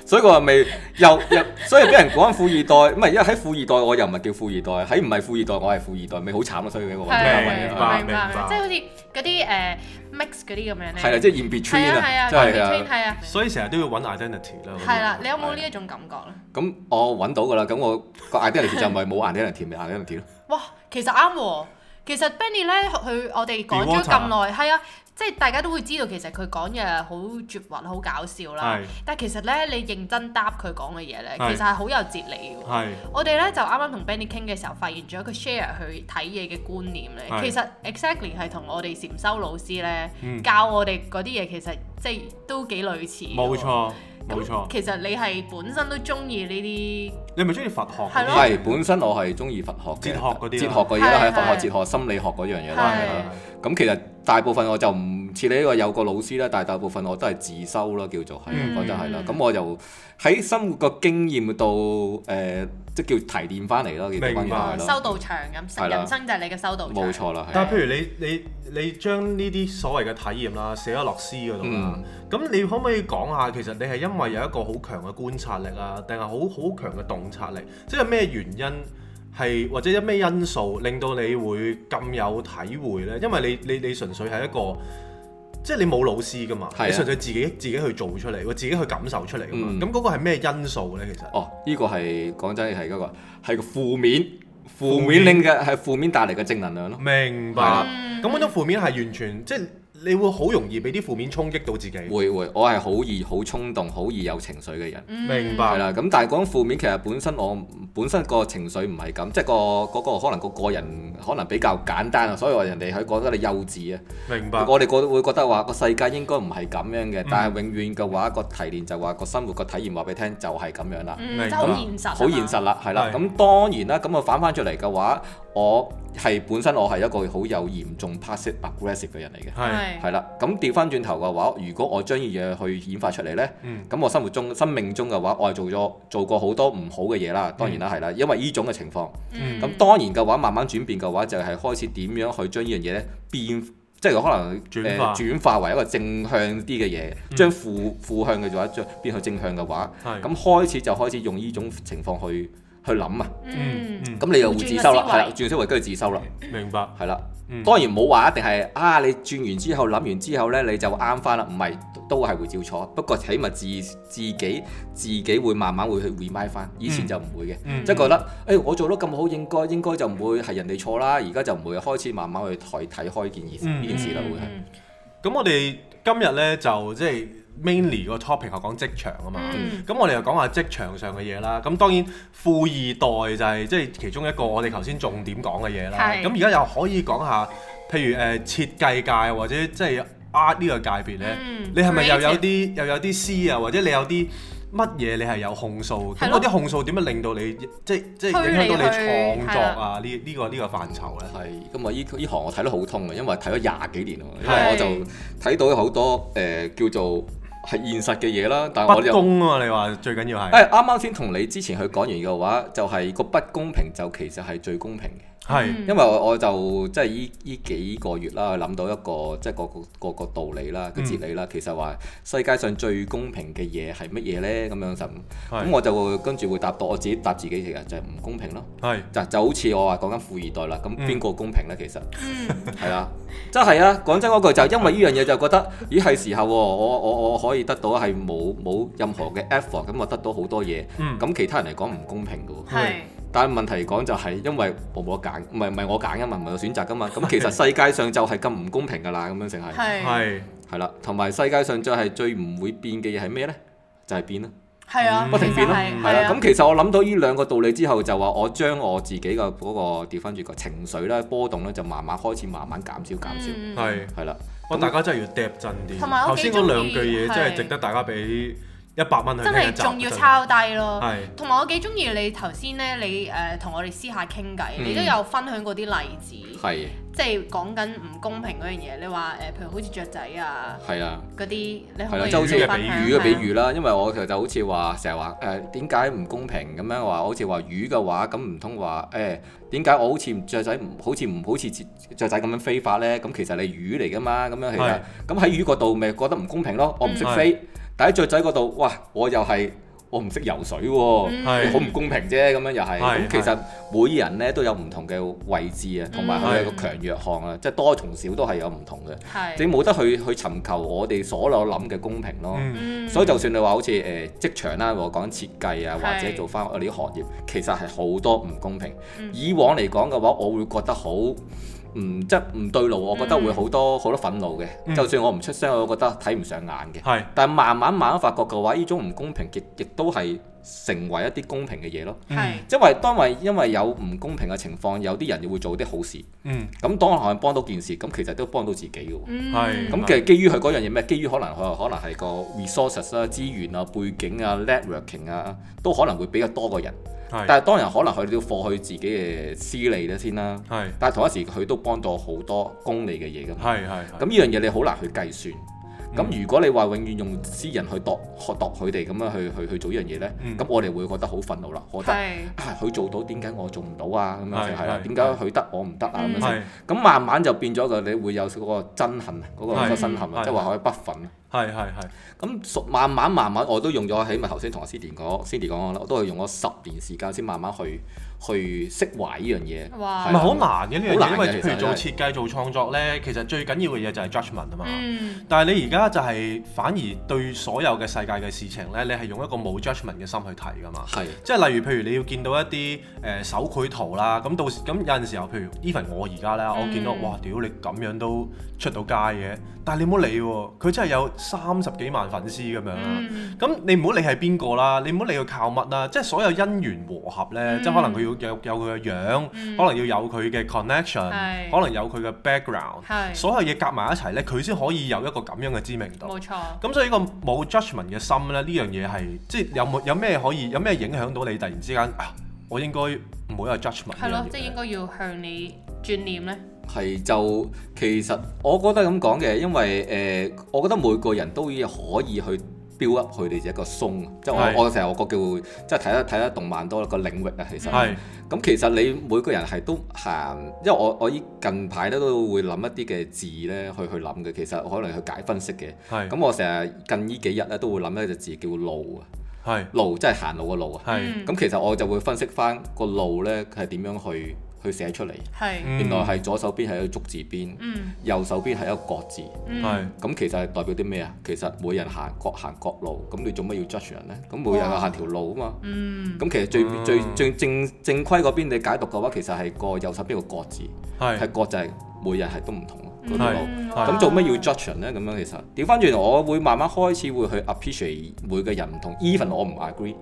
所以我話未又又，所以俾人講富二代，唔係因為喺富二代，我又唔係叫富二代，喺唔係富二代，我係富二代，咪好慘咯！所以俾我明白明白即係好似嗰啲誒 mix 嗰啲咁樣咧。係啦，即係 in between 啊。所以成日都要揾 identity 啦。係啦，你有冇呢一種感覺咧？咁我揾到㗎啦，咁我個 identity 就唔係冇 identity 填，identity 咯。哇，其實啱喎，其實 Benny 咧，佢我哋講咗咁耐，係啊。即係大家都會知道，其實佢講嘢好絕雲、好搞笑啦。但係其實咧，你認真答佢講嘅嘢咧，其實係好有哲理嘅。我哋咧就啱啱同 Benny 傾嘅時候，發現咗佢 share 去睇嘢嘅觀念咧，其實 exactly 係同我哋禪修老師咧教我哋嗰啲嘢，其實即係都幾類似。冇錯，冇錯。其實你係本身都中意呢啲。你係咪中意佛學？係咯，本身我係中意佛學嘅。哲學嗰啲，哲學嘅嘢啦，佛學、哲學、心理學嗰樣嘢啦，咁其實。大部分我就唔似你呢個有個老師啦，但係大部分我都係自修啦，叫做係，覺得係啦。咁我就喺生活嘅經驗度，誒、呃，即叫提煉翻嚟咯。明白，修道場咁，人生就係你嘅修道場。冇吧錯啦。但係譬如你你你將呢啲所謂嘅體驗啦，寫咗落詩嗰度啦，咁、嗯、你可唔可以講下其實你係因為有一個好強嘅觀察力啊，定係好好強嘅洞察力？即係咩原因？係或者有咩因素令到你會咁有體會呢？因為你你你純粹係一個，即係你冇老師噶嘛，是的 你純粹自己自己去做出嚟，自己去感受出嚟啊嘛。咁嗰、嗯、個係咩因素呢？其實哦，呢個係講真係嗰個係個負面，負面令嘅係負面負面帶嚟嘅正能量咯。明白。咁嗰、啊、種負面係完全即係。你會好容易俾啲負面衝擊到自己。會會，我係好易好衝動、好易有情緒嘅人。明白。係啦，咁但係講負面，其實本身我本身個情緒唔係咁，即係、嗰個嗰、嗰個可能個個人可能比較簡單啊，所以話人哋係覺得你幼稚啊。明白。我哋個會覺得話個世界應該唔係咁樣嘅，嗯、但係永遠嘅話、嗰個提煉就話、嗰個生活、嗰個體驗話俾你聽就係咁樣啦。嗯，好白現實。好現實啦，係啦的。咁當然啦，咁、那、我、個、反翻出嚟嘅話。我係本身我係一個好有嚴重 passive aggressive 嘅人嚟嘅，係係啦。咁調翻轉頭嘅話，如果我將呢樣嘢去演化出嚟咧，咁、嗯、我生活中、生命中嘅話，我係做咗做過多好多唔好嘅嘢啦。當然啦，係啦、嗯，因為呢種嘅情況。咁、嗯、當然嘅話，慢慢轉變嘅話，就係、是、開始點樣去將呢樣嘢咧變，即係可能轉化轉、呃、為一個正向啲嘅嘢，將負負向嘅話，將變去正向嘅話。咁、嗯、開始就開始用呢種情況去。去諗啊！咁你又會自修啦，係啦，轉手跟住自修啦。明白，係啦。當然冇話一定係啊！你轉完之後諗完之後咧，你就啱翻啦。唔係都係會照錯，不過起碼自自己自己會慢慢會去 remind 翻。以前就唔會嘅，即係覺得誒我做得咁好，應該應該就唔會係人哋錯啦。而家就唔會開始慢慢去睇睇開件事呢件事啦。會係。咁我哋今日咧就即係。mainly 個 topic 係講職場啊嘛，咁我哋又講下職場上嘅嘢啦。咁當然富二代就係即係其中一個我哋頭先重點講嘅嘢啦。咁而家又可以講下，譬如誒設計界或者即係 art 呢個界別咧，你係咪又有啲又有啲 C 啊？或者你有啲乜嘢你係有控訴？咁嗰啲控訴點樣令到你即係即係影響到你創作啊？呢呢個呢個範疇咧？係咁啊！呢呢行我睇得好通啊，因為睇咗廿幾年啊嘛，因為我就睇到好多誒叫做。係現實嘅嘢啦，但係我覺得不公啊嘛！你話最緊要係誒，啱啱先同你之前去講完嘅話，就係、是、個不公平就其實係最公平嘅。係，是因為我就即係依依幾個月啦，諗到一個即係個個個道理啦、個哲理啦，嗯、其實話世界上最公平嘅嘢係乜嘢咧？咁樣就咁是我就會跟住會答到我自己答自己其實，就係、是、唔公平咯。是就，就好似我話講緊富二代啦，咁邊個公平咧？其實係、嗯、啊，真係啊，講真嗰句就是、因為呢樣嘢就覺得，咦係時候喎、啊，我我我可以得到係冇冇任何嘅 effort，咁我得到好多嘢，咁、嗯、其他人嚟講唔公平㗎喎。是但係問題嚟講就係因為我冇得揀，唔係唔係我揀噶嘛，唔係我選擇噶嘛。咁其實世界上就係咁唔公平噶啦，咁樣成係係係啦。同埋世界上就係最唔會變嘅嘢係咩呢？就係變咯，係啊不停變咯，係啦。咁其實我諗到呢兩個道理之後，就話我將我自己個嗰個掉返轉個情緒咧、波動咧，就慢慢開始慢慢減少減少，係係啦。大家真係要嗒真啲，頭先嗰兩句嘢真係值得大家俾。一百蚊真係仲要抄低咯，同埋我幾中意你頭先咧，你誒同我哋私下傾偈，你都有分享過啲例子，即係講緊唔公平嗰樣嘢。你話譬如好似雀仔啊，嗰啲你可以做翻。魚嘅比喻嘅比喻啦，因為我就好似話成日話誒點解唔公平咁樣話，好似話魚嘅話咁唔通話誒點解我好似雀仔好似唔好似雀仔咁樣飛法呢？咁其實你魚嚟噶嘛咁樣其實，咁喺魚嗰度咪覺得唔公平咯？我唔識飛。但喺雀仔嗰度，哇！我又係我唔識游水喎、啊，好唔、嗯、公平啫咁樣又係。咁、嗯、其實每人咧都有唔同嘅位置啊，同埋佢嘅強弱項啊，嗯、即係多同少都係有唔同嘅。你冇得去去尋求我哋所有諗嘅公平咯。嗯、所以就算你話好似誒職場啦，我講設計啊，嗯、或者做翻我哋啲行業，其實係好多唔公平。嗯、以往嚟講嘅話，我會覺得好。唔即係唔對路，我覺得會好多好、嗯、多憤怒嘅。嗯、就算我唔出聲，我都覺得睇唔上眼嘅。係但係慢慢慢慢發覺嘅話，呢種唔公平亦亦都係，成為一啲公平嘅嘢咯，因為、嗯、當為因為有唔公平嘅情況，有啲人要會做啲好事，咁、嗯、當然可能幫到件事，咁其實都幫到自己嘅，咁、嗯、其實基於佢嗰樣嘢咩？基於可能佢可能係個 resources 啊、資源啊、背景啊、networking 啊，都可能會比較多個人，是但係當然可能佢要放棄自己嘅私利咧先啦，是但係同一時佢都幫到好多公利嘅嘢㗎嘛，咁呢樣嘢你好難去計算。咁、嗯、如果你話永遠用私人去度，學度佢哋咁樣去去去做呢樣嘢咧，咁、嗯、我哋會覺得好憤怒啦，覺得是啊佢做到點解我做唔到啊咁樣先係啦，點解佢得我唔得啊咁是樣先，咁是慢慢就變咗個你會有少少嗰個憎恨啊，嗰、嗰個不信任啊，即係是是話可以不忿。係係係。咁慢慢慢慢我、嗯，我都用咗起碼頭先同阿 Cindy 講啦，我都係用咗十年時間先慢慢去去釋懷呢樣嘢。哇 Wow！唔係好難嘅呢樣嘢，因為其實 譬如做設計做創作咧，其實最緊要嘅嘢就係 judgement 啊嘛。嗯、但係你而家就係反而對所有嘅世界嘅事情咧，你係用一個冇 judgement 嘅心去睇㗎嘛。係。是的 即係例如，譬如你要見到一啲誒手繪圖啦，咁到時咁有陣時候，譬如 Even 我而家咧，嗯、我見到哇屌你咁樣都出到街嘅。但係你唔好理喎，佢真係有三十幾萬粉絲咁樣啦。咁、嗯、你唔好理係邊個啦，你唔好理佢靠乜啦。即係所有因緣和合咧，嗯、即係可能佢要有有佢嘅樣，嗯、可能要有佢嘅 connection，是可能有佢嘅 background，是所有嘢夾埋一齊咧，佢先可以有一個咁樣嘅知名度。冇錯。咁所以呢個冇 judgement 嘅心咧，呢樣嘢係即係有冇有咩可以有咩影響到你？突然之間，啊、我應該唔好有 judgement 了。係咯，即係應該要向你轉念咧。嗯係就其實我覺得咁講嘅，因為誒、呃，我覺得每個人都可以去 build up 佢哋一個 zone< 是>，即係我我成日我個叫即係睇得睇得動漫多一個領域啊，其實係。咁是其實你每個人都行，因為我我依近排咧都會諗一啲嘅字咧去去諗嘅，其實可能去解分析嘅。係是。咁我成日近呢幾日咧都會諗一隻字叫路啊。係是。路即係行路嘅路啊。咁是、嗯、其實我就會分析翻個路咧，佢係點樣去？去寫出嚟，是原來係左手邊係一個足字邊，嗯、右手邊係一個各字。咁、嗯、其實係代表啲咩啊？其實每人行各行各路，咁你做乜要 judge 人咧？咁每人行條路啊嘛。咁、嗯、其實最、啊、最，最正正規嗰邊你解讀嘅話，其實係個右手邊個各字，係各就係每人係都唔同咯嗰條路。咁做咩要 judge 人咧？咁樣其實掉返轉，我會慢慢開始會去 appreciate 每個人唔同。Even 我唔 agree。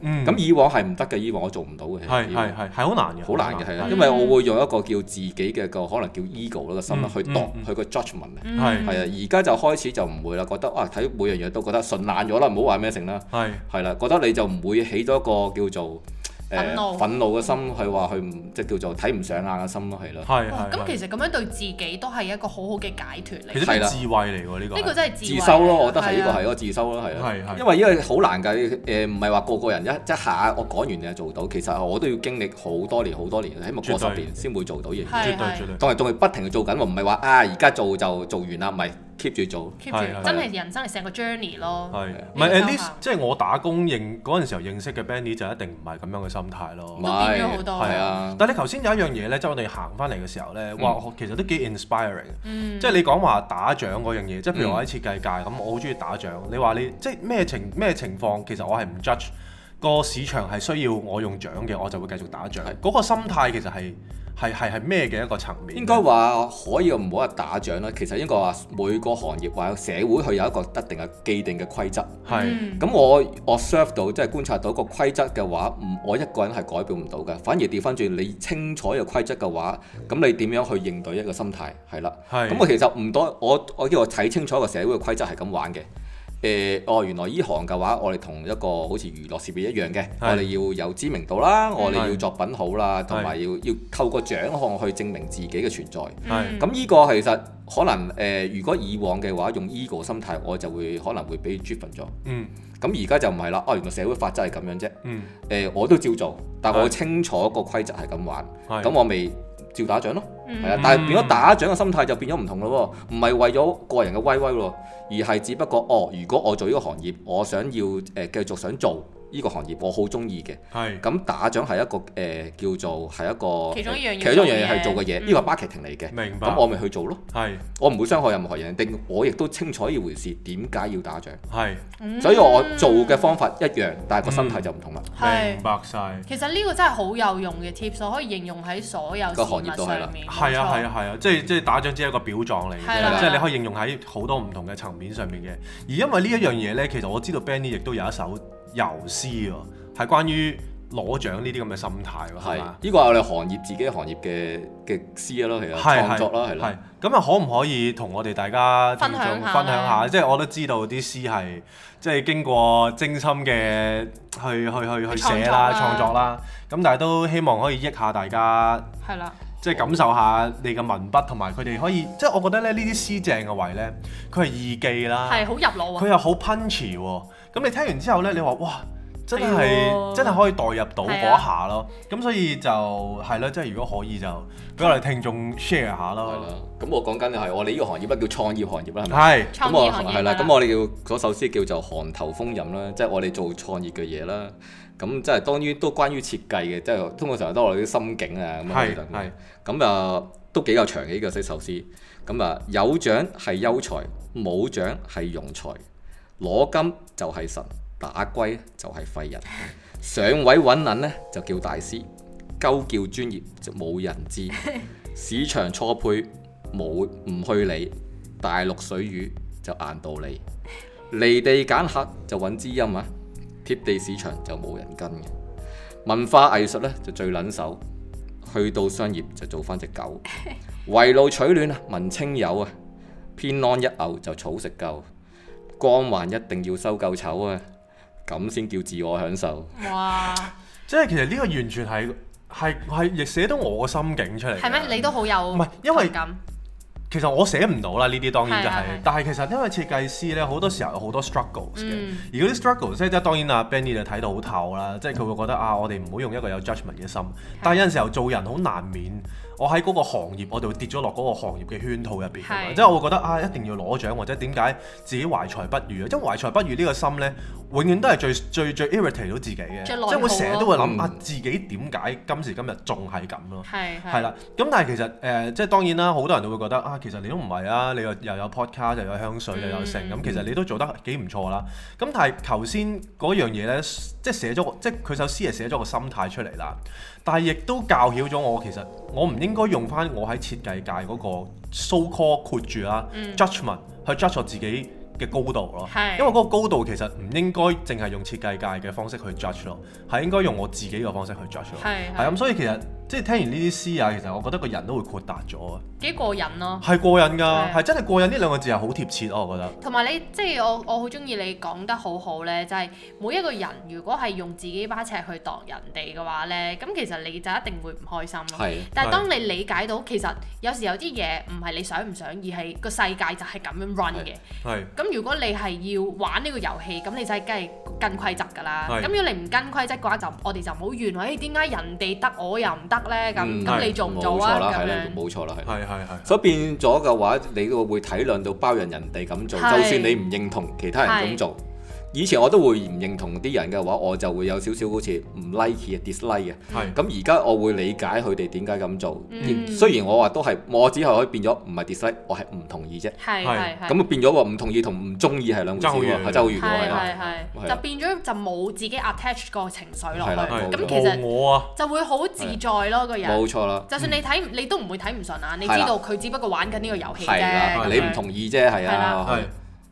嗯，咁以往係唔得嘅，以往我做唔到嘅，係係係好難嘅，好難嘅係啦，因為我會用一個叫自己嘅個可能叫 ego 嗰個心去度佢個 judgment 係啊，而家就開始就唔會啦，覺得哇睇每樣嘢都覺得順眼咗啦，唔好話咩成啦係啦，覺得你就唔會起咗一個叫做。呃、憤怒嘅心，佢話佢唔，即係叫做睇唔上眼嘅心咯，係咯。係咁的、哦、其實咁樣對自己都係一個好好嘅解脫嚟。的其實係智慧嚟喎呢個。呢個真係智慧。自修咯，我覺得係呢、呢個係一個，的自修咯係。係係。的因為呢個好難㗎，誒唔係話個個人一一下我講完你就做到，其實我都要經歷好多年、好多年，起碼過十年先會做到嘢。絕對絕對。當係當係不停做緊喎，唔係話啊而家做就做完啦，唔係。keep 住做，係真係人生係成個 journey 咯。係，唔係 at least，即係我打工認嗰陣時候認識嘅 Benny 就一定唔係咁樣嘅心態咯。唔係，變咗好多。係啊，但係你頭先有一樣嘢咧，即係我哋行翻嚟嘅時候咧，哇，其實都幾 inspiring。即係你講話打獎嗰樣嘢，即係譬如我喺設計界咁，我好中意打獎。你話你即係咩情咩情況，其實我係唔 judge 個市場係需要我用獎嘅，我就會繼續打獎。嗰個心態其實係。係係係咩嘅一個層面？應該話可以唔好話打仗啦。其實應該話每個行業或者社會佢有一個特定嘅既定嘅規則。係。咁、嗯、我 observe 到即係、就是、觀察到個規則嘅話，唔我一個人係改變唔到嘅。反而調翻轉，你清楚嘅規則嘅話，咁你點樣去應對一個心態係啦。係。咁我其實唔多，我我叫我睇清楚個社會嘅規則係咁玩嘅。誒，哦，原來呢行嘅話，我哋同一個好似娛樂事業一樣嘅，我哋要有知名度啦，我哋要作品好啦，同埋要要透過獎項去證明自己嘅存在。咁呢個其實可能誒，如果以往嘅話用 ego 心態，我就會可能會被 driven 咗。咁而家就唔係啦。哦，原來社會法則係咁樣啫。嗯，誒，我都照做，但係我清楚個規則係咁玩。係，咁我未。照、嗯、打獎咯，係啊，但係變咗打獎嘅心態就變咗唔同咯喎，唔係為咗個人嘅威威喎，而係只不過哦，如果我做呢個行業，我想要誒、呃、繼續想做。呢個行業我好中意嘅，係咁打獎，係一個誒，叫做係一個其中一樣嘢，其中一樣嘢係做嘅嘢，依個係 marketing 嚟嘅，明白？咁我咪去做咯，係我唔會傷害任何人，定我亦都清楚呢回事點解要打獎係，所以我做嘅方法一樣，但係個心態就唔同啦，明白晒？其實呢個真係好有用嘅 tips，可以應用喺所有個行業都係啦，係啊，係啊，係啊，即係即係，打獎只係一個表狀嚟嘅，即係你可以應用喺好多唔同嘅層面上面嘅。而因為呢一樣嘢咧，其實我知道 Benny 亦都有一首。游詩喎，係關於攞獎呢啲咁嘅心態喎。呢個係我哋行業自己行業嘅嘅詩咯，其實創作啦係係，咁啊可唔可以同我哋大家分享下？分享下，即係我都知道啲詩係即係經過精心嘅去去去去寫啦、創作啦。咁但係都希望可以益下大家。係啦。即係感受下你嘅文筆，同埋佢哋可以，即係我覺得咧，呢啲詩正嘅位咧，佢係易記啦。係好入腦喎。佢又好 punchy 喎。咁你聽完之後呢，你話哇，真係、哎、呦真係可以代入到嗰一下咯。咁是、啊、所以就係啦、啊，即係如果可以就俾我哋聽眾 share 下咯。咁、啊、我講緊係我哋呢個行業不叫創業行業啦，係咪？係是。咁我係啦，咁、啊啊、我哋叫嗰首詩叫做寒頭風吟啦，即係我哋做創業嘅嘢啦。咁即係當然都關於設計嘅，即係通常都係啲心境啊咁樣。係咁啊，都比較長嘅呢、這個詩首詩。咁啊，有獎係優才，冇獎係庸才。攞金就係神，打龜就係廢人。上位揾銀咧就叫大師，鳩叫專業就冇人知。市場錯配冇唔去理，大陸水魚就硬道理。離地揀客就揾知音啊，貼地市場就冇人跟嘅。文化藝術咧就最撚手，去到商業就做返隻狗。圍爐取暖啊，文青友啊，偏安一隅就草食夠。光環一定要收夠醜啊，咁先叫自我享受。哇！即係其實呢個完全係係係，亦寫到我嘅心境出嚟。係咩？你都好有唔係？因為咁其實我寫唔到啦，呢啲當然就係、係。係係但係其實因為設計師呢，好多時候有好多 struggles 嘅。嗯、而嗰啲 struggles 即係即係當然阿 Benny 就睇到好透啦。即係佢會覺得、嗯、啊，我哋唔好用一個有 judgment 嘅心，的但係有陣時候做人好難免。我喺嗰個行業，我就跌咗落嗰個行業嘅圈套入邊，是即係我會覺得啊，一定要攞獎，或者點解自己懷才不遇啊？因為懷才不遇呢個心咧，永遠都係最最最 irritate 到自己嘅，即係會成日都會諗啊，嗯、自己點解今時今日仲係咁咯？係係啦。咁但係其實誒、呃，即係當然啦，好多人都會覺得啊，其實你都唔係啊，你又又有 podcast，又有香水，又、嗯、有成。」咁其實你都做得幾唔錯啦。咁但係頭先嗰樣嘢咧，即係寫咗個，即係佢首詩係寫咗個心態出嚟啦。但係亦都教曉咗我，其實我唔應該用翻我喺設計界嗰個 so called 括住啦 judgement 去 judge 我自己嘅高度咯，是因為嗰個高度其實唔應該淨係用設計界嘅方式去 judge 咯，係應該用我自己嘅方式去 judge 咯，係咁是所以其實。即係聽完呢啲詩啊，其實我覺得個人都會豁達咗啊！幾過癮咯！係過癮㗎，係真係過癮。呢兩個字係好貼切咯，我覺得。同埋你即係我，我好中意你講得好好咧，就係每一個人如果係用自己把尺去度人哋嘅話咧，咁其實你就一定會唔開心咯。係。但係當你理解到係。其實有時有啲嘢唔係你想唔想，而係個世界就係咁樣 run 嘅。係。係。咁如果你係要玩呢個遊戲，咁你就梗係跟規則㗎啦。係。咁要你唔跟規則嘅話，就我哋就唔好怨喎。哎點解人哋得我又唔得？咁，咁、嗯、你做唔做冇錯啦，係那樣 啦，冇錯啦，係啦。係係係，所以變咗嘅話，你都會體諒到包容人哋咁做，是就算你唔認同其他人咁做。以前我都會唔認同啲人嘅話，我就會有少少好似唔 like 嘅、dislike 嘅。咁而家我會理解佢哋點解咁做。嗯。雖然我話都係，我只係可以變咗唔係 dislike，我係唔同意啫。咁啊變咗喎，唔同意同唔中意係兩回事，周瑜爭好遠，就變咗就冇自己 attach 個情緒落去。咁其實就會好自在咯，個人。冇錯啦。就算你睇，你都唔會睇唔順啊！你知道佢只不過玩緊呢個遊戲，你唔同意啫，係啊。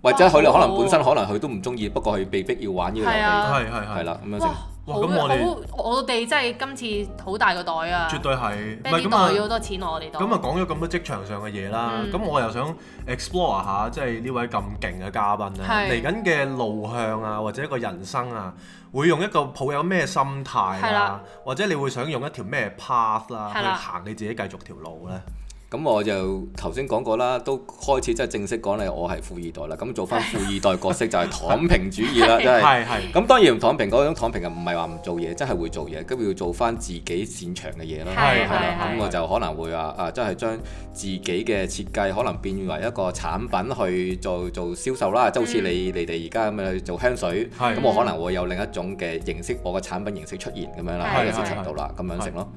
或者佢哋可能本身可能佢都唔中意，不過佢被逼要玩呢樣嘢，係係係啦咁樣。哇！咁我哋我哋真係今次好大個袋啊！絕對係，唔係咁啊！要好多錢攞我哋袋。咁啊，講咗咁多職場上嘅嘢啦，咁我又想 explore 下，即係呢位咁勁嘅嘉賓啊，嚟緊嘅路向啊，或者一個人生啊，會用一個抱有咩心態啊，或者你會想用一條咩 path 啦去行你自己繼續條路咧？咁我就頭先講過啦，都開始真係正式講咧，我係富二代啦。咁做翻富二代角色就係躺平主義啦，真係。係。咁當然躺平嗰種躺平啊，唔係話唔做嘢，真係會做嘢，跟住要做翻自己擅長嘅嘢啦。係啦。咁我就可能會話啊，真係將自己嘅設計可能變為一個產品去做做銷售啦。即好似你你哋而家咁樣做香水，咁我可能會有另一種嘅形式我個產品形式出現咁樣啦，喺個市場度啦，咁樣食咯。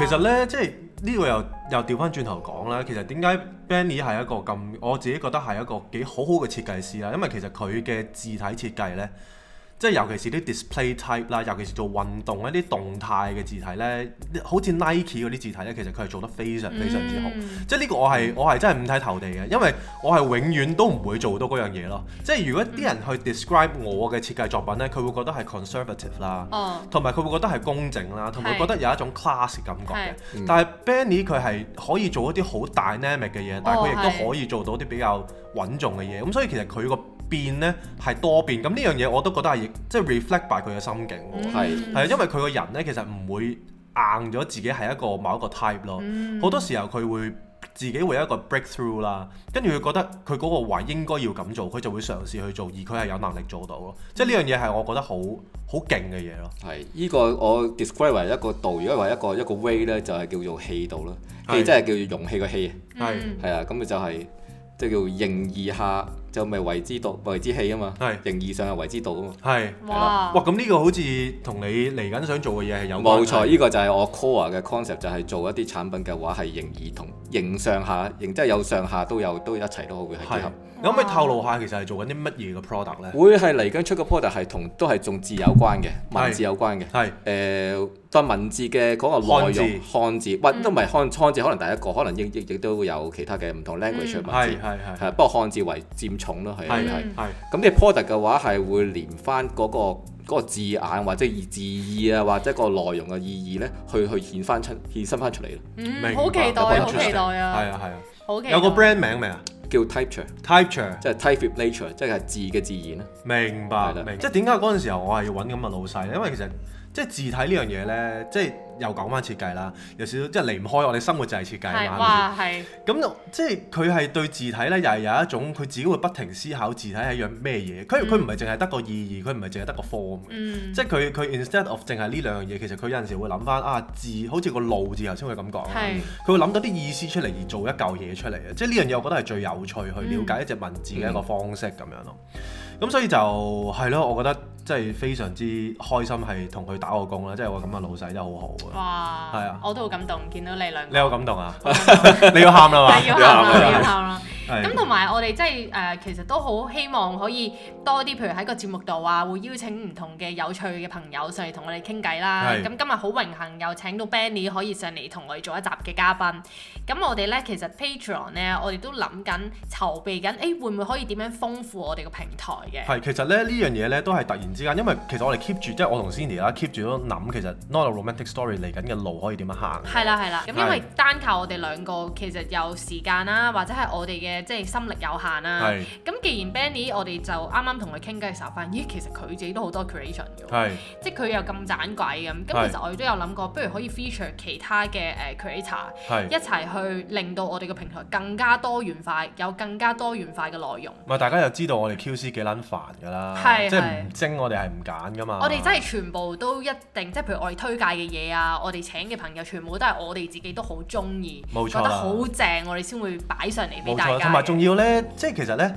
其實呢，即係。呢個又又調翻轉頭講啦，其實點解 Benny 係一個咁，我自己覺得係一個幾好好嘅設計師啦，因為其實佢嘅字體設計呢。即係尤其是啲 display type 啦，尤其是做運動一啲動態嘅字體咧，好似 Nike 嗰啲字體咧，其實佢係做得非常非常之好。嗯、即係呢個我係我係真係五體投地嘅，因為我係永遠都唔會做到嗰樣嘢咯。即係如果啲人去 describe 我嘅設計作品咧，佢會覺得係 conservative 啦、哦，同埋佢會覺得係工整啦，同埋覺得有一種 class 感覺嘅。是嗯、但係 Benny 佢係可以做一啲好 dynamic 嘅嘢，哦、但係佢亦都可以做到啲比較穩重嘅嘢。咁所以其實佢個變咧係多變，咁呢樣嘢我都覺得係即係、就是、reflect 翻佢嘅心境喎。係、嗯，係啊，因為佢個人咧其實唔會硬咗自己係一個某一個 type 咯。好、嗯、多時候佢會自己會有一個 breakthrough 啦，跟住佢覺得佢嗰個話應該要咁做，佢就會嘗試去做，而佢係有能力做到咯。即係呢樣嘢係我覺得好好勁嘅嘢咯。係，呢、這個我 describe 為一個道，如果話一個一個 way 咧，就係叫做氣道咯。氣即係叫做容器嘅氣。係，係啊，咁佢就係即係叫形而下。就咪為之道，為之器啊嘛，是形而上係為之道啊嘛，係是，的哇，哇咁呢個好似同你嚟緊想做嘅嘢係有關。冇錯，呢個就係我 core 嘅 concept，就係、是、做一啲產品嘅話係形而同形上下，形即係、就是、有上下都有，都一齊都會結合。有可以透露下其實係做緊啲乜嘢嘅 product 咧？會係嚟緊出個 product 係同都係重字有關嘅文字有關嘅。係誒，當文字嘅嗰個內容漢字，或，都唔係漢字，可能第一個，可能亦亦亦都會有其他嘅唔同 language 嘅文字。係不過漢字為佔重咯，係係係。咁你 product 嘅話係會連翻嗰個字眼或者字意啊，或者個內容嘅意義咧，去去衍翻出衍生翻出嚟咯。好期待好期待啊！係啊係啊。好有個 brand 名未啊？叫 typech，typech 即係 type of nature，即係字嘅自然啦。明白，了明白即係點解嗰陣時候我係要揾咁嘅老細咧？因為其實。即係字體呢樣嘢呢，即係又講翻設計啦，有少少即係離唔開我哋生活就係設計啦。哇，係。咁即係佢係對字體呢，又係有一種佢自己會不停思考字體係一樣咩嘢。佢佢唔係淨係得個意義，佢唔係淨係得個 form、嗯、即係佢佢 instead of 淨係呢兩樣嘢，其實佢有陣時會諗翻啊字，好似個路字頭先佢會咁講。佢會諗到啲意思出嚟而做一嚿嘢出嚟嘅，即係呢樣嘢我覺得係最有趣去了解一隻文字嘅一個方式咁樣咯。咁、嗯嗯嗯、所以就係咯，我覺得。即係非常之開心，係同佢打個工啦！即係我咁嘅老細真係好好嘅，係哇啊，我都好感動，見到你兩個，你好感動啊，動 你要喊啦嘛， 要喊啦， 你要喊啦！ 咁同埋我哋即係誒，其實都好希望可以多啲，譬如喺個節目度啊，會邀請唔同嘅有趣嘅朋友上嚟同我哋傾偈啦。咁是、嗯、今日好榮幸又請到 Benny 可以上嚟同我哋做一集嘅嘉賓。咁、嗯、我哋咧其實 Patreon 咧，我哋都諗緊籌備緊，誒、欸、會唔會可以點樣豐富我哋個平台嘅？係其實咧呢樣嘢咧都係突然之間，因為其實我哋 keep 住即係我同 Cindy 啦，keep 住都諗其實 Not a Romantic Story 嚟緊嘅路可以點樣行？係啦係啦，咁、嗯、的因為單靠我哋兩個，其實有時間啦、啊，或者係我哋嘅。即係心力有限啦、啊。咁是既然 Benny，我哋就啱啱同佢傾偈嘅時候，發現咦，其實佢自己都好多 creation 㗎。是即係佢又咁盞鬼咁。咁、嗯、是其實我哋都有諗過，不如可以 feature 其他嘅誒、uh, creator 是一齊去令到我哋嘅平台更加多元化，有更加多元化嘅內容。唔係，大家又知道我哋 QC 幾撚煩㗎啦，是是即係唔精我哋係唔揀㗎嘛。是是我哋真係全部都一定，即係譬如我哋推介嘅嘢啊，我哋請嘅朋友，全部都係我哋自己都好中意，覺得好正，我哋先會擺上嚟俾大家。同埋仲要咧，即係其實咧，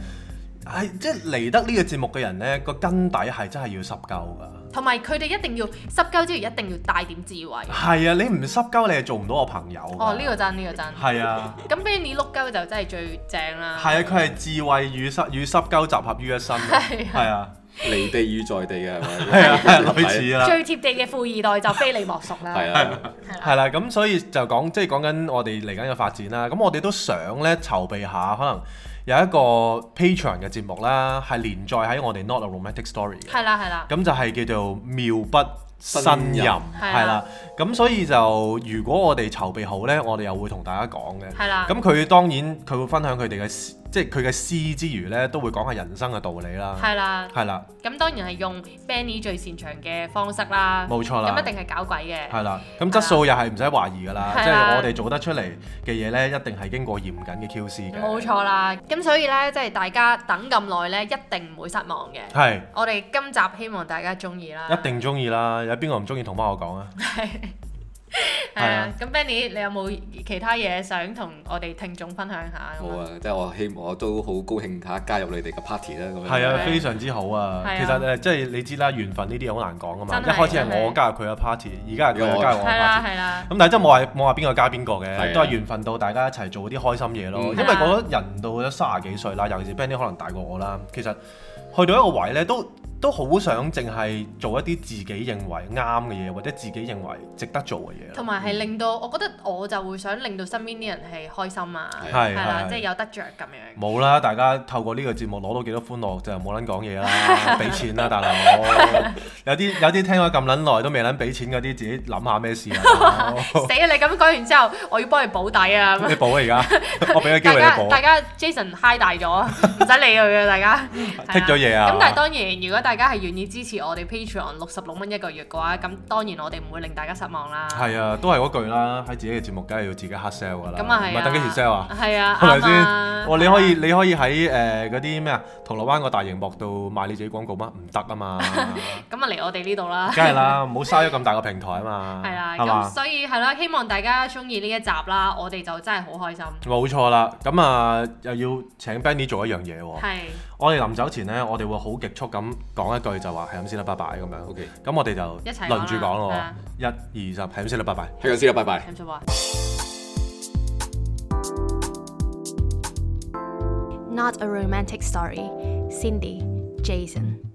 係即係嚟得呢個節目嘅人咧，個根底係真係要濕鳩㗎。同埋佢哋一定要濕鳩，之餘一定要帶點智慧。係啊，你唔濕鳩，你係做唔到我朋友。哦，呢、呢個真，呢、呢個真。係啊。咁 Benny 碌鳩就真係最正啦。係啊，佢係智慧與濕與濕鳩集合於一身。係 啊。離 地與在地嘅係咪？係啊， 類似啦的。 最貼地嘅富二代就非你莫屬啦。係 啊，係啦、 啊。咁所以就講，即係講緊我哋嚟緊嘅發展啦。咁我哋都想咧籌備下，可能有一個 Patreon 嘅節目啦，係連載喺我哋 Not a Romantic Story 嘅。係啦、 啊，係啦、啊。咁就係叫做妙筆生人，係啦生人。咁、 啊啊、所以就如果我哋籌備好咧，我哋又會同大家講嘅。係啦、 啊。咁佢 當然佢會分享佢哋嘅。即係佢嘅詩之餘咧，都會講下人生嘅道理啦。係啦，係啦。咁當然係用 Benny 最擅長嘅方式啦。冇錯啦。咁一定係搞鬼嘅。係啦。咁質素又係唔使懷疑㗎啦。即係我哋做得出嚟嘅嘢咧，一定係經過嚴謹嘅 QC 嘅。冇錯啦。咁所以咧，即係大家等咁耐咧，一定唔會失望嘅。係。我哋今集希望大家中意啦。一定中意啦！有邊個唔中意同翻我講啊？係啊，咁、啊、Benny，你有冇其他嘢想同我哋聽眾分享下？好啊，即、就、係、是、我希望我都好高興吓加入你哋嘅 party 啦、就是。咁樣。係啊，非常之好啊。啊其實誒、啊、即係你知啦，緣分呢啲好難講㗎嘛。一開始係我加入佢嘅 party，而家係佢加入我係啦、啊，咁但係真係冇話冇話邊個加邊個嘅，嗯嗯、都係緣分到大家一齊做啲開心嘢咯。嗯啊、因為覺得人到咗卅幾歲啦，尤其是 Benny 可能大過我啦，其實去到一個位呢，都。都好想淨係做一啲自己認為啱嘅嘢，或者自己認為值得做嘅嘢。同埋係令到我覺得我就會想令到身邊啲人係開心啊，係啦，即係有得着咁樣。冇啦，大家透過呢個節目攞到幾多歡樂就冇撚講嘢啦，俾錢啦大佬。有啲有啲聽咗咁撚耐都未撚俾錢嗰啲，自己諗下咩事啊？死啦！你咁樣講完之後，我要幫你補底啊！你補啊而家，我俾個機會你補。大家 Jason 嗨大咗，唔使理佢啊！大家剔咗嘢啊！咁但係當然如果大大家係願意支持我哋 Patreon 六十六蚊一個月嘅話，咁當然我哋唔會令大家失望啦。係啊，都係嗰句啦，喺自己嘅節目梗係要自己 hard sell 噶啦。咁啊係。咪等幾時 sell 啊？係啊。係咪先？你可以你可以喺誒嗰啲咩啊銅鑼灣個大熒幕度賣你自己廣告嗎？唔得啊嘛。咁啊嚟我哋呢度啦。梗係啦，唔好嘥咗咁大個平台啊嘛。係啦、 啊。咁所以係咯， 吧希望大家中意呢一集啦，我哋就真係好開心。冇錯啦，咁啊又要請 Benny 做一樣嘢喎。係是。我哋臨走前咧，我哋會好極速咁。講一句就話係咁先啦，拜拜咁樣，OK。咁、嗯、我哋就一齊輪住講咯，一、二 Yeah.、三係咁先啦，拜拜。係咁先啦，拜拜。Not a romantic story，Cindy, Jason。Mm.